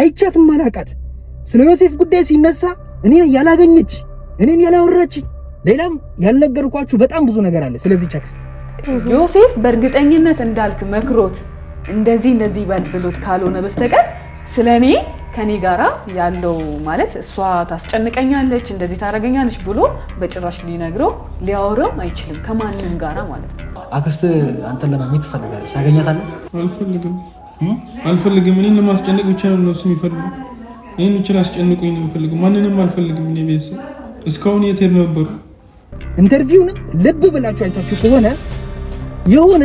አይቻትም አላቃት። ስለ ዮሴፍ ጉዳይ ሲነሳ እኔን ያላገኘች እኔን ያላወራች ሌላም ያልነገርኳችሁ በጣም ብዙ ነገር አለ። ስለዚህ ቻክስ ዮሴፍ በእርግጠኝነት እንዳልክ መክሮት እንደዚህ እንደዚህ በል ብሎት ካልሆነ በስተቀር ስለ እኔ ከኔ ጋራ ያለው ማለት እሷ ታስጨንቀኛለች እንደዚህ ታደርገኛለች ብሎ በጭራሽ ሊነግረው ሊያወራው አይችልም ከማንም ጋራ ማለት ነው። አክስት አንተን ለማግኘት ትፈልጋለች። ታገኛታለህ? አልፈልግም። እኔን ለማስጨነቅ ብቻ ነው እነሱ የሚፈልጉ። እኔን ብቻ ላስጨንቁኝ ነው የሚፈልጉ። ማንንም አልፈልግም። እኔ ቤተሰብ እስካሁን የት ነበሩ? ኢንተርቪውን ልብ ብላችሁ አይታችሁ ከሆነ የሆነ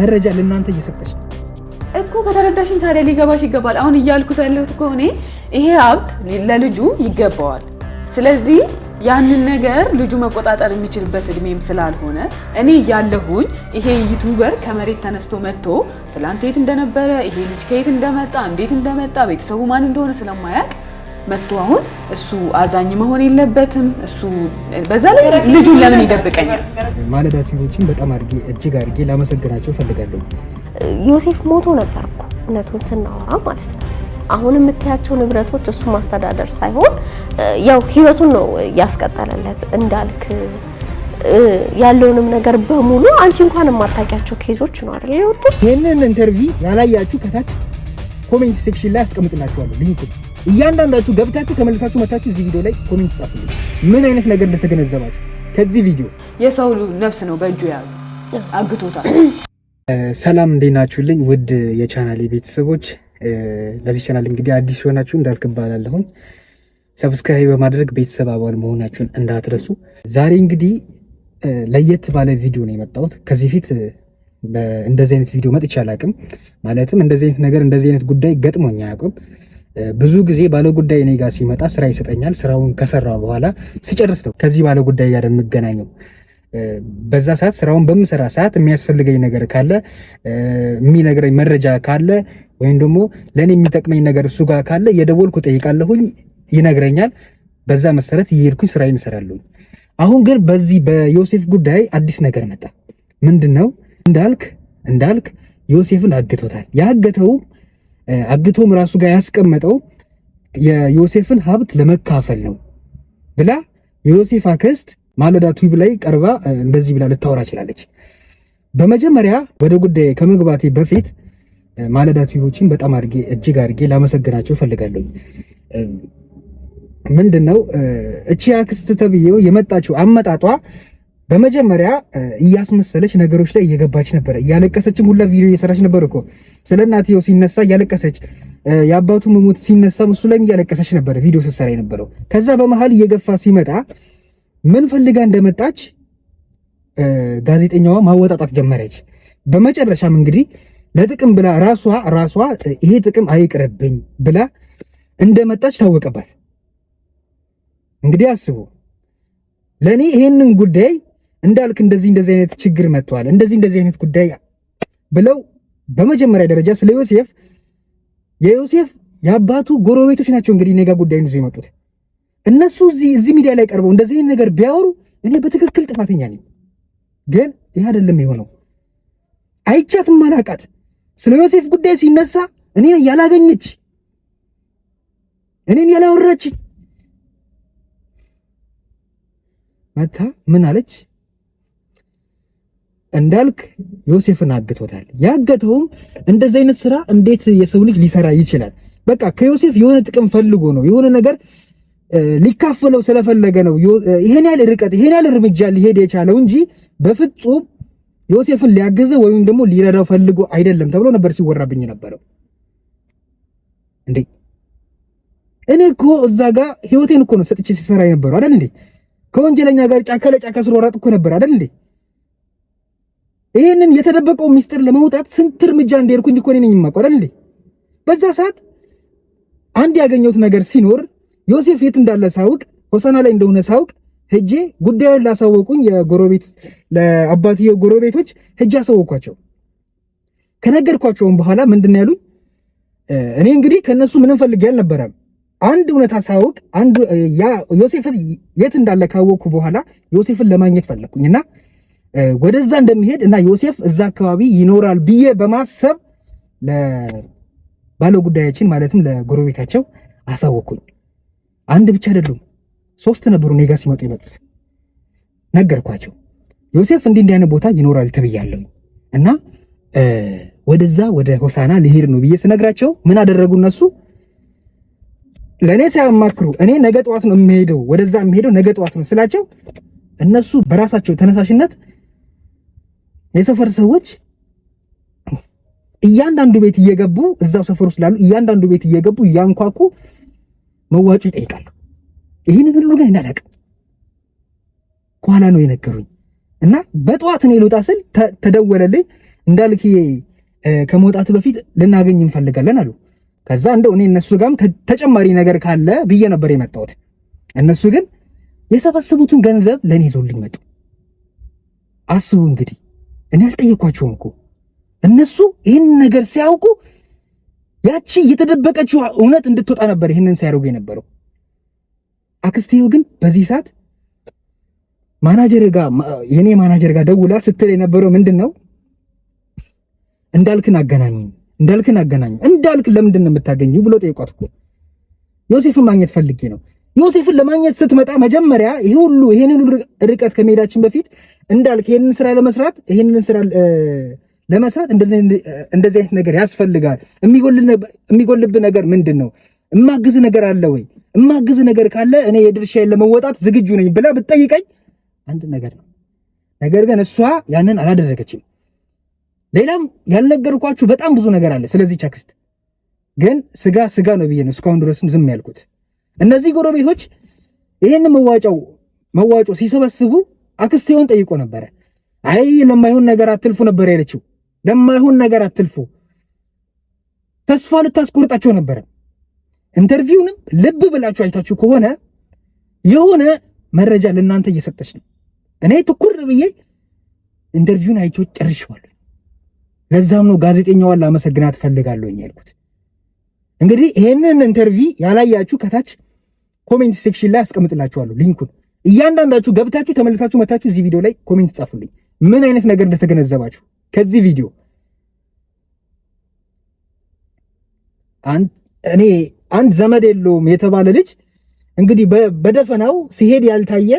መረጃ ለእናንተ እየሰጠች ነው እኮ። ከተረዳሽን ታዲያ ሊገባሽ ይገባል። አሁን እያልኩት ያለሁት ከሆነ ይሄ ሀብት ለልጁ ይገባዋል። ስለዚህ ያንን ነገር ልጁ መቆጣጠር የሚችልበት እድሜም ስላልሆነ እኔ እያለሁኝ ይሄ ዩቱበር ከመሬት ተነስቶ መጥቶ ትላንት የት እንደነበረ ይሄ ልጅ ከየት እንደመጣ እንዴት እንደመጣ ቤተሰቡ ማን እንደሆነ ስለማያውቅ መጥቶ አሁን እሱ አዛኝ መሆን የለበትም። እሱ በዛ ላይ ልጁን ለምን ይደብቀኛል? ማለዳ ቲቪዎችን በጣም አድርጌ እጅግ አድርጌ ላመሰግናቸው ፈልጋለሁ። ዮሴፍ ሞቶ ነበር እኮ እውነቱን ስናወራ ማለት ነው አሁን የምታያቸው ንብረቶች እሱ ማስተዳደር ሳይሆን ያው ህይወቱን ነው ያስቀጠለለት እንዳልክ ያለውንም ነገር በሙሉ አንቺ እንኳን የማታውቂያቸው ኬዞች ነው አይደል የወጡት። ይህንን ኢንተርቪው ያላያችሁ ከታች ኮሜንት ሴክሽን ላይ አስቀምጥላችኋለሁ ሊንኩን። እያንዳንዳችሁ ገብታችሁ ተመልሳችሁ መታችሁ እዚህ ቪዲዮ ላይ ኮሜንት ጻፉልኝ፣ ምን አይነት ነገር እንደተገነዘባችሁ ከዚህ ቪዲዮ። የሰው ነፍስ ነው በእጁ የያዘ አግቶታል። ሰላም እንዴት ናችሁልኝ ውድ የቻናሌ ቤተሰቦች ለዚህ ቻናል እንግዲህ አዲስ ሲሆናችሁ እንዳልክ እባላለሁኝ። ሰብስክራይብ በማድረግ ቤተሰብ አባል መሆናችሁን እንዳትረሱ። ዛሬ እንግዲህ ለየት ባለ ቪዲዮ ነው የመጣሁት። ከዚህ ፊት እንደዚህ አይነት ቪዲዮ መጥቼ አላውቅም። ማለትም እንደዚህ አይነት ነገር እንደዚህ አይነት ጉዳይ ገጥሞኝ አያውቅም። ብዙ ጊዜ ባለ ጉዳይ እኔ ጋር ሲመጣ ስራ ይሰጠኛል። ስራውን ከሰራ በኋላ ስጨርስ ነው ከዚህ ባለ ጉዳይ ጋር የምገናኘው። በዛ ሰዓት ስራውን በምሰራ ሰዓት የሚያስፈልገኝ ነገር ካለ የሚነግረኝ መረጃ ካለ ወይም ደግሞ ለእኔ የሚጠቅመኝ ነገር እሱ ጋር ካለ የደወልኩ ጠይቃለሁኝ፣ ይነግረኛል። በዛ መሰረት እየሄድኩኝ ስራዬን እሰራለሁኝ። አሁን ግን በዚህ በዮሴፍ ጉዳይ አዲስ ነገር መጣ። ምንድን ነው እንዳልክ እንዳልክ ዮሴፍን አግቶታል። ያገተውም አግቶም ራሱ ጋር ያስቀመጠው የዮሴፍን ሀብት ለመካፈል ነው ብላ የዮሴፍ አክስት ማለዳ ቱብ ላይ ቀርባ እንደዚህ ብላ ልታወራ ችላለች። በመጀመሪያ ወደ ጉዳይ ከመግባቴ በፊት ማለዳ ቱቦችን በጣም አድርጌ እጅግ አድርጌ ላመሰግናቸው እፈልጋለሁ። ምንድን ነው እቺ አክስት ተብዬው የመጣችው አመጣጧ በመጀመሪያ እያስመሰለች ነገሮች ላይ እየገባች ነበረ። እያለቀሰችም ሁላ ቪዲዮ እየሰራች ነበር እኮ ስለ እናትየው ሲነሳ እያለቀሰች፣ የአባቱ መሞት ሲነሳም እሱ ላይም እያለቀሰች ነበረ ቪዲዮ ስትሰራ የነበረው። ከዛ በመሀል እየገፋ ሲመጣ ምን ፈልጋ እንደመጣች ጋዜጠኛዋ ማወጣጣት ጀመረች። በመጨረሻም እንግዲህ ለጥቅም ብላ ራሷ ራሷ ይሄ ጥቅም አይቅርብኝ ብላ እንደመጣች ታወቀባት። እንግዲህ አስቡ። ለእኔ ይሄንን ጉዳይ እንዳልክ እንደዚህ እንደዚህ አይነት ችግር መጥቷል፣ እንደዚህ እንደዚህ አይነት ጉዳይ ብለው በመጀመሪያ ደረጃ ስለ ዮሴፍ የዮሴፍ የአባቱ ጎረቤቶች ናቸው እንግዲህ ኔጋ ጉዳይ ይዘው የመጡት እነሱ እዚህ ሚዲያ ላይ ቀርበው እንደዚህ ነገር ቢያወሩ እኔ በትክክል ጥፋተኛ ነኝ። ግን ይህ አይደለም የሆነው። አይቻትም ማላቃት ስለ ዮሴፍ ጉዳይ ሲነሳ እኔን ያላገኘች እኔን ያላወራች መታ ምን አለች? እንዳልክ ዮሴፍን አግቶታል። ያገተውም እንደዚህ አይነት ስራ እንዴት የሰው ልጅ ሊሰራ ይችላል? በቃ ከዮሴፍ የሆነ ጥቅም ፈልጎ ነው የሆነ ነገር ሊካፈለው ስለፈለገ ነው ይሄን ያህል ርቀት ይሄን ያህል እርምጃ ሊሄድ የቻለው እንጂ በፍጹም ዮሴፍን ሊያገዘ ወይም ደግሞ ሊረዳው ፈልጎ አይደለም ተብሎ ነበር ሲወራብኝ ነበረው። እንዴ እኔ እኮ እዛ ጋ ህይወቴን እኮ ነው ሰጥቼ ሲሰራ የነበረው አይደል እንዴ? ከወንጀለኛ ጋር ጫካ ለጫካ ስሮራጥ እኮ ነበር አይደል እንዴ? ይሄንን የተደበቀው ሚስጥር ለመውጣት ስንት እርምጃ እኮ እኔ ነኝ የማውቀው አይደል እንዴ? በዛ ሰዓት አንድ ያገኘሁት ነገር ሲኖር ዮሴፍ የት እንዳለ ሳውቅ ሆሳና ላይ እንደሆነ ሳውቅ ሄጄ ጉዳዩን ላሳወቁኝ የጎረቤት ለአባትዬ ጎረቤቶች ሄጄ አሳወቅኳቸው። ከነገርኳቸውም በኋላ ምንድን ነው ያሉኝ? እኔ እንግዲህ ከእነሱ ምንም ፈልጌ አልነበረም። አንድ እውነታ ሳውቅ አንድ ያ የት እንዳለ ካወቅኩ በኋላ ዮሴፍን ለማግኘት ፈለግኩኝ እና ወደዛ እንደሚሄድ እና ዮሴፍ እዛ አካባቢ ይኖራል ብዬ በማሰብ ለባለ ጉዳያችን ማለትም ለጎረቤታቸው አሳወቅኩኝ። አንድ ብቻ አይደሉም፣ ሶስት ነበሩ እኔ ጋር ሲመጡ የመጡት። ነገርኳቸው ዮሴፍ እንዲህ እንዲህ አይነት ቦታ ይኖራል ተብያለሁ እና ወደዛ ወደ ሆሳና ልሄድ ነው ብዬ ስነግራቸው ምን አደረጉ እነሱ ለእኔ ሳያማክሩ እኔ ነገ ጠዋት ነው የምሄደው ወደዛ የምሄደው ነገ ጠዋት ነው ስላቸው እነሱ በራሳቸው ተነሳሽነት የሰፈር ሰዎች እያንዳንዱ ቤት እየገቡ እዛው ሰፈር ውስጥ ላሉ እያንዳንዱ ቤት እየገቡ እያንኳኩ መዋጮ ይጠይቃሉ። ይህንን ሁሉ ግን እንዳላቅ ከኋላ ነው የነገሩኝ እና በጠዋት እኔ ልውጣ ስል ተደወለልኝ። እንዳልክዬ ከመውጣት በፊት ልናገኝ እንፈልጋለን አሉ። ከዛ እንደው እኔ እነሱ ጋም ተጨማሪ ነገር ካለ ብዬ ነበር የመጣሁት። እነሱ ግን የሰበሰቡትን ገንዘብ ለእኔ ይዞልኝ መጡ። አስቡ እንግዲህ እኔ አልጠየኳቸውም እኮ እነሱ ይህን ነገር ሲያውቁ ያቺ የተደበቀችው እውነት እንድትወጣ ነበር ይህንን ሲያደርጉ የነበረው። አክስቴው ግን በዚህ ሰዓት ማናጀር ጋር የኔ ማናጀር ጋር ደውላ ስትል የነበረው ምንድን ነው? እንዳልክን አገናኙ፣ እንዳልክን አገናኙ። እንዳልክ ለምንድን ነው የምታገኙ ብሎ ጠይቋት እኮ ዮሴፍን ማግኘት ፈልጌ ነው። ዮሴፍን ለማግኘት ስትመጣ መጀመሪያ ይሄ ሁሉ ይሄን ሁሉ ርቀት ከመሄዳችን በፊት እንዳልክ ይሄንን ስራ ለመስራት ይሄንን ስራ ለመስራት እንደዚህ አይነት ነገር ያስፈልጋል። የሚጎልብ ነገር ምንድን ነው? እማግዝ ነገር አለ ወይ? እማግዝ ነገር ካለ እኔ የድርሻዬን ለመወጣት ዝግጁ ነኝ ብላ ብትጠይቀኝ አንድ ነገር ነው። ነገር ግን እሷ ያንን አላደረገችም። ሌላም ያልነገርኳችሁ በጣም ብዙ ነገር አለ። ስለዚህ አክስት ግን ስጋ ስጋ ነው ብዬ ነው እስካሁን ድረስም ዝም ያልኩት። እነዚህ ጎረቤቶች ይህን መዋጫው መዋጮ ሲሰበስቡ አክስቴውን ጠይቆ ነበረ። አይ ለማይሆን ነገር አትልፉ ነበር ያለችው። ለማይሆን ነገር አትልፉ። ተስፋ ልታስቆርጣቸው ነበረ። ኢንተርቪውንም ልብ ብላችሁ አይታችሁ ከሆነ የሆነ መረጃ ለእናንተ እየሰጠች ነው። እኔ ትኩር ብዬ ኢንተርቪውን አይቼው ጨርሼዋለሁ። ለዛም ነው ጋዜጠኛዋን ላመሰግናት እፈልጋለሁ ያልኩት። እንግዲህ ይህንን ኢንተርቪ ያላያችሁ ከታች ኮሜንት ሴክሽን ላይ አስቀምጥላችኋለሁ ሊንኩን። እያንዳንዳችሁ ገብታችሁ ተመልሳችሁ መታችሁ እዚህ ቪዲዮ ላይ ኮሜንት ጻፉልኝ ምን አይነት ነገር እንደተገነዘባችሁ። ከዚህ ቪዲዮ እኔ አንድ ዘመድ የለውም የተባለ ልጅ እንግዲህ በደፈናው ሲሄድ ያልታየ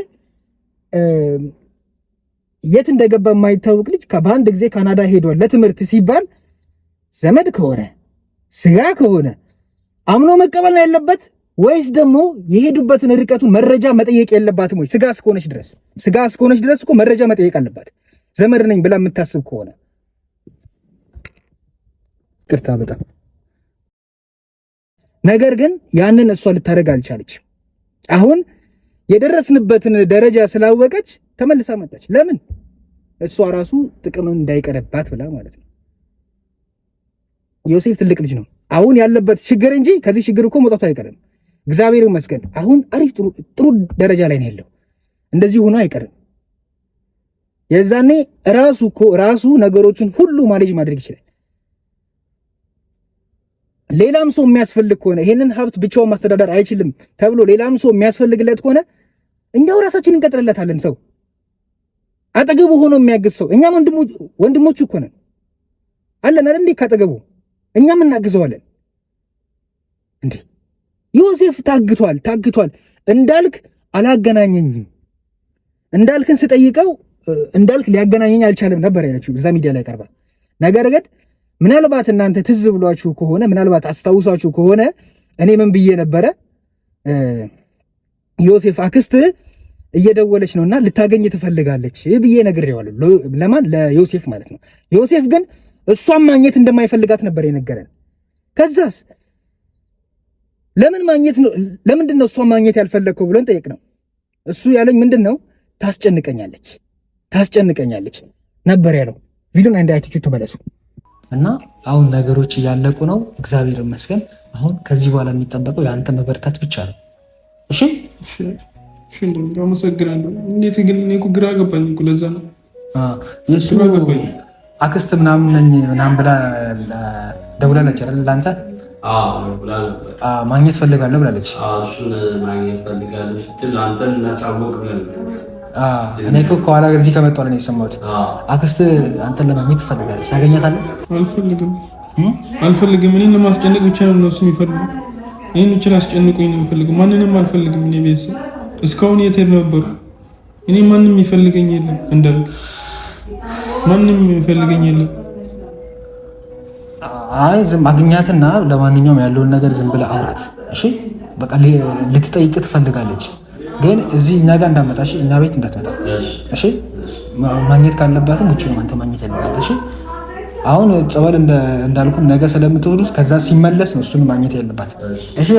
የት እንደገባ የማይታወቅ ልጅ በአንድ ጊዜ ካናዳ ሄዷል ለትምህርት ሲባል ዘመድ ከሆነ ስጋ ከሆነ አምኖ መቀበል ነው ያለበት ወይስ ደግሞ የሄዱበትን ርቀቱን መረጃ መጠየቅ የለባትም ወይ? ስጋ እስከሆነች ድረስ ስጋ እስከሆነች ድረስ እኮ መረጃ መጠየቅ አለባት። ዘመድ ነኝ ብላ የምታስብ ከሆነ ቅርታ በጣም ነገር ግን ያንን እሷ ልታደርግ አልቻለች። አሁን የደረስንበትን ደረጃ ስላወቀች ተመልሳ መጣች። ለምን እሷ ራሱ ጥቅም እንዳይቀርባት ብላ ማለት ነው። ዮሴፍ ትልቅ ልጅ ነው። አሁን ያለበት ችግር እንጂ ከዚህ ችግር እኮ መውጣቱ አይቀርም። እግዚአብሔር ይመስገን አሁን አሪፍ ጥሩ ደረጃ ላይ ነው ያለው። እንደዚህ ሆኖ አይቀርም። የዛኔ ራሱ እኮ ራሱ ነገሮችን ሁሉ ማኔጅ ማድረግ ይችላል። ሌላም ሰው የሚያስፈልግ ከሆነ ይሄንን ሀብት ብቻውን ማስተዳደር አይችልም ተብሎ ሌላም ሰው የሚያስፈልግለት ከሆነ እኛው ራሳችን እንቀጥርለታለን። ሰው አጠገቡ ሆኖ የሚያግዝ ሰው እኛም ወንድሞቹ እኮ ነን አለን አይደል እንዴ? ካጠገቡ እኛም እናግዘዋለን እንዴ። ዮሴፍ ታግቷል ታግቷል እንዳልክ አላገናኘኝም እንዳልክን ስጠይቀው እንዳልክ ሊያገናኘኝ አልቻለም ነበር ያለችው እዛ ሚዲያ ላይ ቀርባ። ነገር ግን ምናልባት እናንተ ትዝ ብሏችሁ ከሆነ ምናልባት አስታውሳችሁ ከሆነ እኔ ምን ብዬ ነበረ? ዮሴፍ አክስት እየደወለች ነውና ልታገኝ ትፈልጋለች ብዬ ነግሬዋለሁ። ለማን? ለዮሴፍ ማለት ነው። ዮሴፍ ግን እሷን ማግኘት እንደማይፈልጋት ነበር የነገረን። ከዛስ ለምን ማግኘት ነው? ለምንድን ነው እሷን ማግኘት ያልፈለግከው ብለን ጠየቅ ነው። እሱ ያለኝ ምንድን ነው ታስጨንቀኛለች ታስጨንቀኛለች ነበር ያለው። ቪዲዮን አንድ አይታችሁ ተመለሱ እና አሁን ነገሮች እያለቁ ነው። እግዚአብሔር ይመስገን። አሁን ከዚህ በኋላ የሚጠበቀው የአንተ መበርታት ብቻ ነው። እሺ አመሰግናለሁ። እንዴት ግን እኔ እኮ ግራ ገባኝ። ለዛ ነው የእሱ አክስት ምናምን ነኝ ምናምን ብላ ደውላለች አይደል? ለአንተ ማግኘት ፈልጋለሁ ብላለች። እኔ እኮ ከኋላ እዚህ ከመጣሁ ነው የሰማሁት። አክስት አንተን ለማግኘት ትፈልጋለች። ታገኛታለህ? አልፈልግም አልፈልግም። እኔን ለማስጨነቅ ብቻ ነው እነሱ የሚፈልጉ። እኔን ብቻ ላስጨንቁኝ ነው የሚፈልጉ። ማንንም አልፈልግም። እኔ ቤተሰብ እስካሁን የት ሄድ ነበሩ? እኔ ማንም የሚፈልገኝ የለም እንዳል ማንም የሚፈልገኝ የለም። አይ ዝም አግኛትና ለማንኛውም ያለውን ነገር ዝም ብለህ አውራት እሺ። በቃ ልትጠይቅ ትፈልጋለች ግን እዚህ እኛ ጋር እንዳመጣ እኛ ቤት እንዳትመጣ እሺ። ማግኘት ካለባትም ውጭ ነው አንተ ማግኘት ያለበት እሺ። አሁን ጸበል እንዳልኩም ነገ ስለምትወዱት ከዛ ሲመለስ ነው እሱን ማግኘት ያለባት እሺ።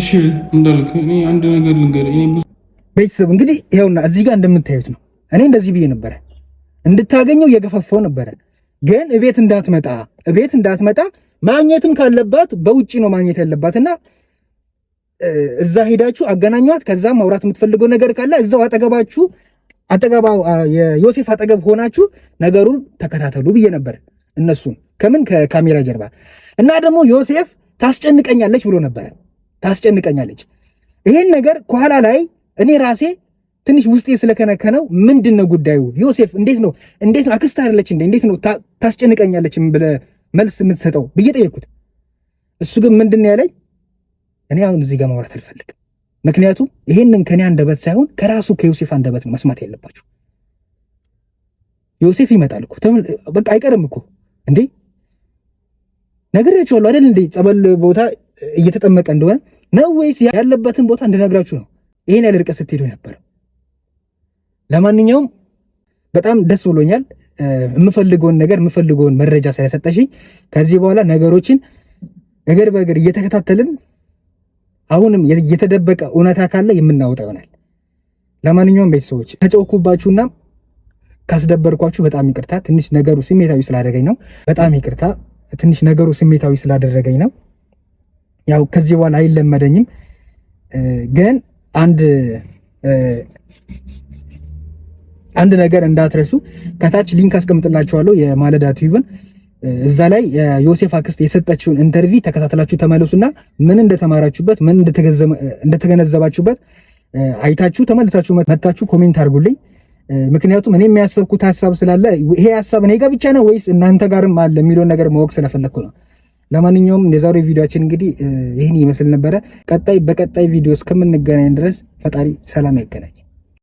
እሺ፣ እንዳልክ እኔ አንድ ነገር ልንገር። እኔ ብዙ ቤተሰብ እንግዲህ ይኸውና እዚህ ጋር እንደምታዩት ነው። እኔ እንደዚህ ብዬ ነበረ እንድታገኘው የገፈፈው ነበረ፣ ግን እቤት እንዳትመጣ እቤት እንዳትመጣ ማግኘትም ካለባት በውጭ ነው ማግኘት እና እዛ ሄዳችሁ አገናኟት። ከዛ ማውራት የምትፈልገው ነገር ካለ እዛው አጠገባችሁ አጠገባው የዮሴፍ አጠገብ ሆናችሁ ነገሩን ተከታተሉ ብዬ ነበር። እነሱን ከምን ከካሜራ ጀርባ እና ደግሞ ዮሴፍ ታስጨንቀኛለች ብሎ ነበረ። ታስጨንቀኛለች ይሄን ነገር ከኋላ ላይ እኔ ራሴ ትንሽ ውስጤ ስለከነከነው ምንድን ነው ጉዳዩ? ዮሴፍ እንዴት ነው እንዴት ነው አክስት አይደለች እንዴ? እንዴት ነው ታስጨንቀኛለች ብለህ መልስ የምትሰጠው ብዬ ጠየቅኩት። እሱ ግን ምንድን ነው ያለኝ እኔ አሁን እዚህ ጋር ማውራት አልፈልግም። ምክንያቱም ይሄንን ከኔ አንደበት ሳይሆን ከራሱ ከዮሴፍ አንደበት ነው መስማት ያለባችሁ። ዮሴፍ ይመጣል እኮ በቃ አይቀርም እኮ እንዴ ነግሬያችኋለሁ አይደል እንዴ ጸበል ቦታ እየተጠመቀ እንደሆነ ነው ወይስ ያለበትን ቦታ እንድነግራችሁ ነው ይሄን ያለ ርቀት ስትሄዱ ነበር ለማንኛውም በጣም ደስ ብሎኛል። የምፈልገውን ነገር የምፈልገውን መረጃ ስለሰጠሽኝ ከዚህ በኋላ ነገሮችን እግር በእግር እየተከታተልን አሁንም የተደበቀ እውነታ ካለ የምናወጣ ይሆናል። ለማንኛውም ቤተሰቦች ተጨውኩባችሁና ካስደበርኳችሁ በጣም ይቅርታ። ትንሽ ነገሩ ስሜታዊ ስላደረገኝ ነው። በጣም ይቅርታ። ትንሽ ነገሩ ስሜታዊ ስላደረገኝ ነው። ያው ከዚህ በኋላ አይለመደኝም። ግን አንድ አንድ ነገር እንዳትረሱ። ከታች ሊንክ አስቀምጥላችኋለሁ የማለዳ ቲዩብን እዛ ላይ ዮሴፍ አክስት የሰጠችውን ኢንተርቪ ተከታትላችሁ ተመለሱና ምን እንደተማራችሁበት ምን እንደተገነዘባችሁበት አይታችሁ ተመልሳችሁ መታችሁ ኮሜንት አድርጉልኝ። ምክንያቱም እኔ የሚያሰብኩት ሀሳብ ስላለ ይሄ ሀሳብ እኔ ጋ ብቻ ነው ወይስ እናንተ ጋርም አለ የሚለውን ነገር ማወቅ ስለፈለግኩ ነው። ለማንኛውም የዛሬ ቪዲዮችን እንግዲህ ይህን ይመስል ነበረ። ቀጣይ በቀጣይ ቪዲዮ እስከምንገናኝ ድረስ ፈጣሪ ሰላም ያገናኝ።